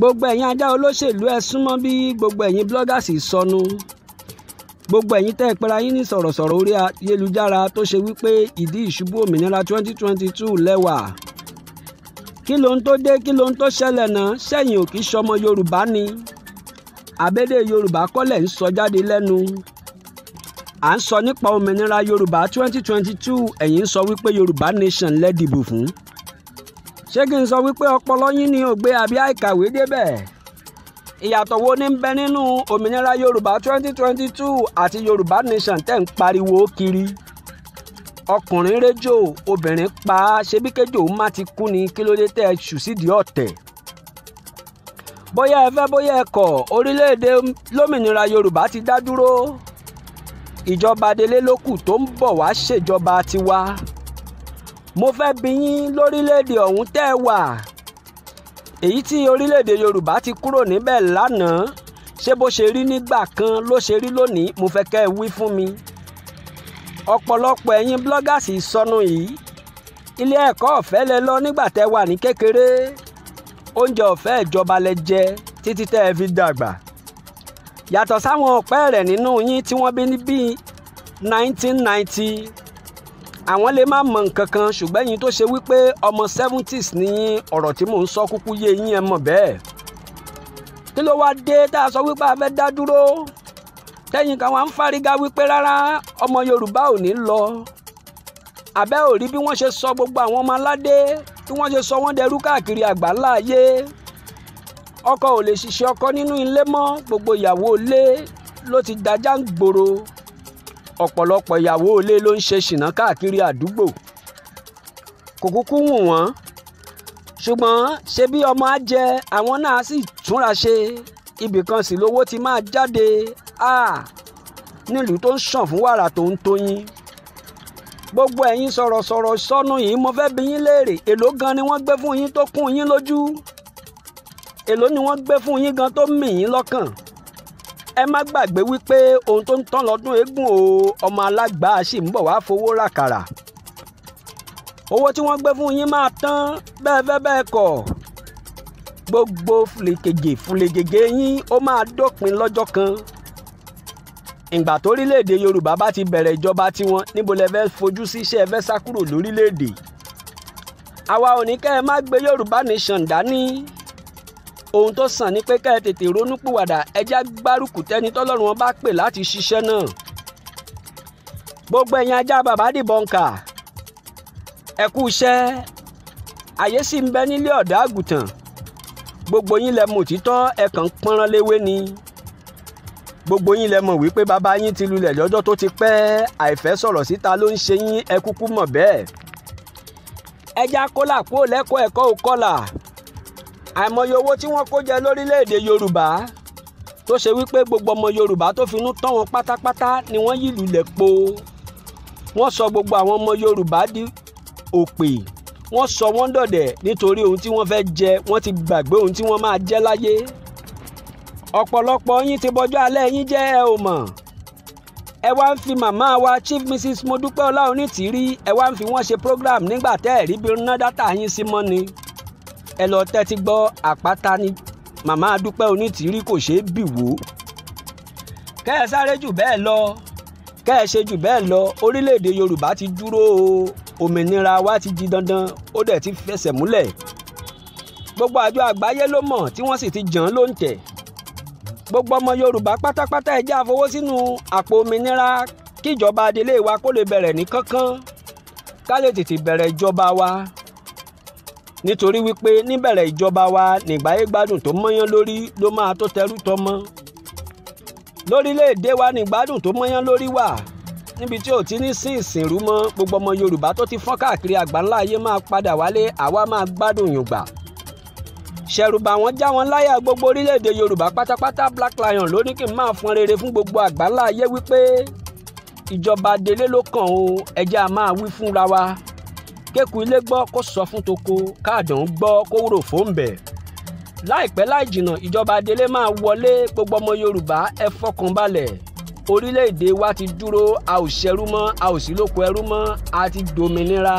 gbogbo ẹ̀yin ajá olóṣèlú ẹ súnmọ́ bí gbogbo ẹ̀yin bloggers sọnù gbogbo ẹ̀yin tẹ́ ẹ pera yín ní sọ̀rọ̀sọ̀rọ̀ orí ayélujára tó ṣe wípé ìdí ìṣubú òmìnira 2022 lẹ́wà kí ló ń tó dé kí ló ń tó ṣẹlẹ̀ náà sẹ́yìn ò kí sọmọ Yorùbá ni àbédè Yorùbá kọ́lẹ̀ ń sọ jáde lẹ́nu à ń sọ nípa òmìnira Yorùbá 2022 ẹ̀yin ń sọ wípé Yorùbá nation lẹ́dìbò fún ṣé kí sọ wípé ọpọlọ yín ni ògbé àbí àìkàwé débẹ̀ ìyàtọ̀ wo ni ń bẹ nínú òmìnira yorùbá 2022 àti yorùbá nation tẹ̀ ń pariwo kiri ọkùnrin réjò obìnrin pa á ṣebí kéjò má ti kú ni kí ló dé tẹ́ ẹ ṣù sídìí ọ̀tẹ̀ bóyá ẹ fẹ́ bóyá ẹ kọ̀ orílẹ̀-èdè lómìnira yorùbá ti dá dúró ìjọba adelé lókù tó ń bọ̀ wá ṣèjọba tiwa mo fẹ́ bi yín lórílẹ̀‐èdè ọ̀hún tẹ́ ẹ wà èyí tí orílẹ̀‐èdè yorùbá ti kúrò níbẹ̀ lánàá ṣé bó ṣe rí nígbà kan ló ṣe rí lónìí mo fẹ́ kẹ́ ẹ wí fún mi ọ̀pọ̀lọpọ̀ ẹ̀yin blọ́gàsì sọnù yìí ilé ẹ̀kọ́ ọ̀fẹ́ lẹ lọ nígbà tẹ́ wà ní kékeré oúnjẹ ọ̀fẹ́ ìjọba lẹ jẹ títí tẹ́ ẹ fi dàgbà yàtọ̀ sáwọn ọ̀pẹ́ rẹ̀ nínú yín tí wọ́n bí ní bíi 1990 àwọn lè má mọ nǹkan kan ṣùgbọ́n ẹ̀yin tó ṣe wípé ọmọ seventies ní ọ̀rọ̀ tí mò ń sọ kúkú yé yín ẹ mọ̀ bẹ́ẹ̀ kí ló wá dé tá a sọ wípé a fẹ́ dá dúró tẹ́yìn kan wá ń fárígá wípé rárá ọmọ Yorùbá ò ní lọ àbẹ́ ò rí bí wọ́n ṣe sọ gbogbo àwọn ọmọ aládé bí wọ́n ṣe sọ wọ́n dẹrú káàkiri àgbáńlá ayé ọkọ ò lè ṣiṣẹ́ ọkọ nínú ilé mọ́ gbogbo ìyàwó ilé ló ti dájà ń gbòòrò ọ̀pọ̀lọpọ̀ ìyàwó ilé ló ń ṣe ṣìnà káàkiri àdúgbò kò kúkú wù wọ́n ṣùgbọ́n ṣe bí ọmọ á jẹ àwọn náà sì túnra ṣe ibìkan sì lówó ti máa jáde ah! nílùú tó ń ṣàn fún wàrà tó ń tóyin gbogbo ẹ̀yin sọ̀rọ̀sọ̀rọ̀ sọnù yìí mo fẹ́ bi yín léèrè èló gan ni wọ́n gbé fún yín tó kún yín lójú èló ni wọ́n gbé fún yín gan tó mì yín lọ́kàn ẹ má gbàgbé wípé ohun tó ń tán lọ́dún eégún o ọmọ alágbà sì ń bọ̀ wá fowó ràkàrà owó tí wọ́n gbé fún yín máa tán bẹ́ẹ̀ bẹ́ẹ̀ bẹ́ẹ̀ kọ̀ gbogbo fúlẹ̀kẹ̀jẹ̀ fúlẹ̀kẹ̀jẹ̀ yín ó máa dópin lọ́jọ́ kan ìgbà tórílẹ̀-èdè Yorùbá bá ti bẹ̀rẹ̀ ìjọba tiwọn níbo lẹ fẹ́ fojú sí ẹ fẹ́ sá kúrò lórílẹ̀-èdè àwa ò ní kẹ́ ẹ má gbé Yorùbá nation dání ohun tó sàn ni pé ká ẹ tètè ronúpìwàdà ẹjá gbárùkù tẹni tọ́lọ́run wọn bá pè láti ṣiṣẹ́ náà gbogbo ẹ̀yin ajá bàbá dìbọn kà ẹ kú iṣẹ́ àyè sì ń bẹ nílé ọ̀dọ́ àgùntàn gbogbo yín lẹ mọ̀ òtítọ́ ẹ kàn ń pọ́nrán léwé ni gbogbo yín lẹ mọ̀ wípé bàbá yín ti lulẹ̀ lọ́jọ́ tó ti pẹ́ àìfẹ́ sọ̀rọ̀ síta ló ń ṣe yín ẹ kúkú mọ̀ bẹ́ẹ̀ ẹja kólà kó lẹ́kọ̀ọ́ ẹ̀kọ́ òkọlà àìmọye owó tí wọ́n kó jẹ lórílẹ̀‐èdè yorùbá tó ṣe wípé gbogbo ọmọ yorùbá tó finú tán wọn pátápátá ni wọ́n yí lulẹ̀ po wọ́n sọ gbogbo àwọn ọmọ yorùbá di òpè wọ́n sọ wọ́n dọ̀dẹ̀ nítorí ohun tí wọ́n fẹ́ jẹ wọ́n ti gbàgbé ohun tí wọ́n máa jẹ láyé ọ̀pọ̀lọpọ̀ yín ti bọjọ́ alẹ́ yín jẹ́ ẹ ò mọ̀ ẹ wá ń fi màmá wa chief mrs modúpẹ́ ọláonítìrí ẹ wá ń fi wọ́n ṣe program nígbà tẹ́ ẹ̀ rí bí ná dátà yín sí mọ́ ẹ lọ tẹ́tí gbọ́ àpáta ni màmá dúpẹ́ onítìrí kò ṣeé bì wò. kẹ́ ẹ sáré jù bẹ́ẹ̀ lọ kẹ́ ẹ ṣe jù bẹ́ẹ̀ lọ orílẹ̀-èdè yorùbá ti dúró o òmìnira wa ti di dandan ó dẹ̀ ti fẹsẹ̀ múlẹ̀ gbogbo àjọ àgbáyé ló mọ̀ tí wọ́n sì ti jàn án ló ń tẹ̀ gbogbo ọmọ yorùbá pátápátá ẹ jẹ́ sínú àpò òmìnira kíjọba adelé wa kó lè bẹ̀rẹ̀ ní kánkán ká lè tètè bẹ̀rẹ̀ ìjọba wa nítorí wípé níbẹ̀rẹ̀ ìjọba wa nìgbáyégbádùn tó mọ́yán lórí ló máa tó tẹrú tọmọ lórílẹ̀‐èdè wa nìgbádùn tó mọ́yán lórí wà níbi tí ò ti ní sí ìsìnrú mọ́ gbogbo ọmọ Yorùbá tó ti fọ́n káàkiri àgbáńlá ayé máa padà wálé àwa máa gbádùn yùngbà ṣẹ̀rùbà wọn já wọn láyà gbogbo orílẹ̀-èdè Yorùbá pátápátá Black Lion ló ní kí n máa fọn rere fún gbogbo àgbáńlá ayé wípé ìjọba délé ló kàn ó ẹjẹ́ a máa wí fúnra wa kéku ilé gbọ́ kó sọ fún toko káàdùn gbọ́ kó rò fóun bẹ̀. láìpẹ́ láì jìnnà ìjọba adelé máa wọlé gbogbo ọmọ yorùbá ẹ fọkàn balẹ̀ orílẹ̀-èdè wa ti dúró a ò ṣẹrú mọ́ a ò sí lóko ẹrú mọ́ a ti dòmìnira.